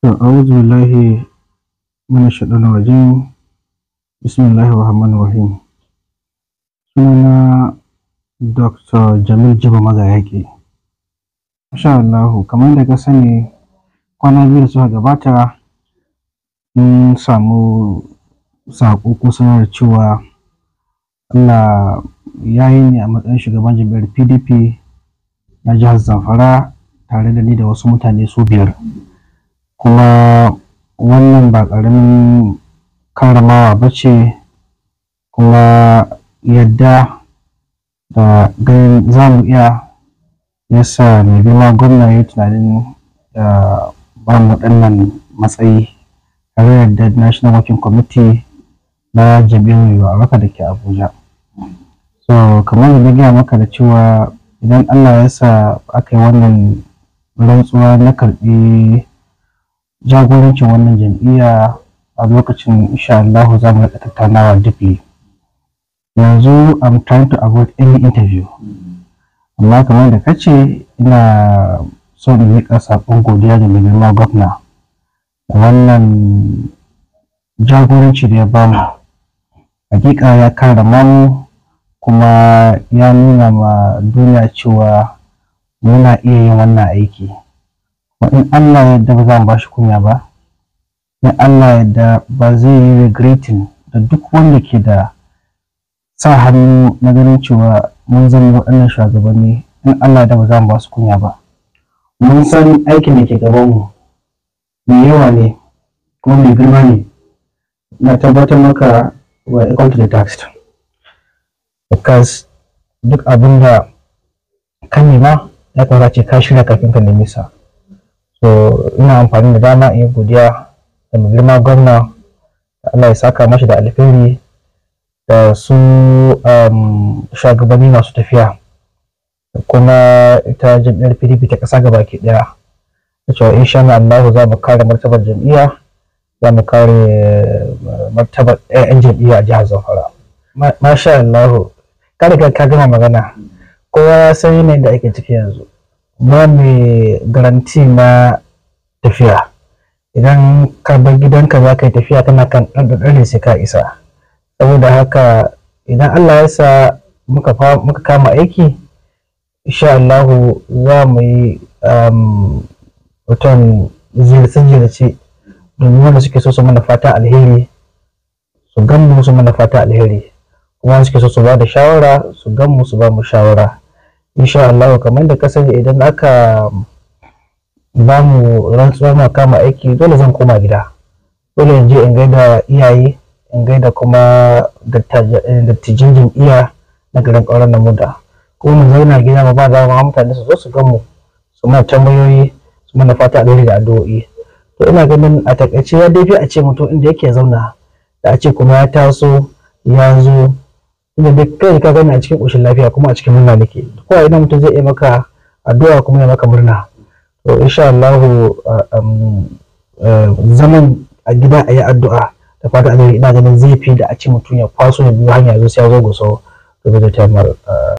أعوذ بالله من الشيطان الرجيم بسم الله الرحمن الرحيم سننا دكتور جميل جبا magayaki Masha Allah kamar da ka sani kwana biyu da suka gabata mun samu saƙo ko sanar cewa Allah ya yi ne a matsayin shugaban jami'ar PDP na jihar Zamfara tare da ni da wasu mutane su biyar. kuma wannan ba ƙaramin karamawa ba ce kuma yadda da ganin za mu iya yasa mai girma gwamna ya tunanin da ba mu ɗannan matsayi tare da national working committee na jami'in yiwuwa raka da ke abuja so kamar da gaya maka da cewa idan allah ya sa aka yi wannan rantsuwa na karɓi jagorancin wannan jam'iyya a lokacin insha Allah za mu riƙa tattaunawa deeply yanzu I'm trying to avoid any interview amma kamar da kace ina so in miƙa saƙon godiya da mai girma gwamna wannan jagoranci da ya bamu hakika ya karrama mu kuma ya nuna ma duniya cewa muna iya yin wannan aiki in Allah yadda ba za mu bashi kunya ba in Allah yadda ba zai yi regretin da duk wanda ke da sa hannu na ganin cewa mun zama waɗannan shugabanni in Allah da ba za mu ba su kunya ba mun san aikin da ke gabanmu mai yawa ne kuma mai girma ne na tabbatar maka wa equal to the tax because duk abin da ka nema ya kamata ce ka shirya kafin ka nemi sa so ina amfani da dama in yi godiya da mai girma gwamna Allah ya saka mashi da alfahari da su um, shugabanni masu tafiya da kuma ita jam'iyyar pdp ta ƙasa ke ɗaya da cewa insha Allah za mu kare martabar jam'iyya za mu kare eh, martabar ɗayan jam'iyya a jihar Zamfara masha Allah ka riga ka gama magana kowa ya san yanayin da ake ciki yanzu ba mai garanti na tafiya idan ka bar gidanka za ka yi tafiya Kana kan ɗanɗanɗare sai ka isa saboda haka idan allah ya sa muka kama aiki insha allahu za mu yi um, mutum ziyarce-ziyarce domin wanda suke so su mana fata alheri su gan mu su mana fata alheri kuma suke so su ba da shawara su gan mu su ba mu shawara insha Allah kamar da ka sani idan aka ba mu rantsuwar na kama aiki dole zan koma gida dole in je in gaida iyaye in gaida kuma eh, dattijin jam'iyya na garin ƙauren namuda kuma mu zauna gida ma ba za dama mutane su zo su gan mu su mana tambayoyi su mana fata alheri da addu'o'i to ina ganin a takaice ya dai a ce mutum inda yake zauna da a ce kuma ya taso ya zo inda duk kai ka gani a cikin ƙoshin lafiya kuma a cikin murna nake ko a ina mutum zai iya maka addu'a kuma ya maka murna to insha Allah zaman a gida a yi addu'a da fata ina ganin zai fi da a ci mutum ya kwaso ya biyo hanya zuwa sai ya zo guso da ta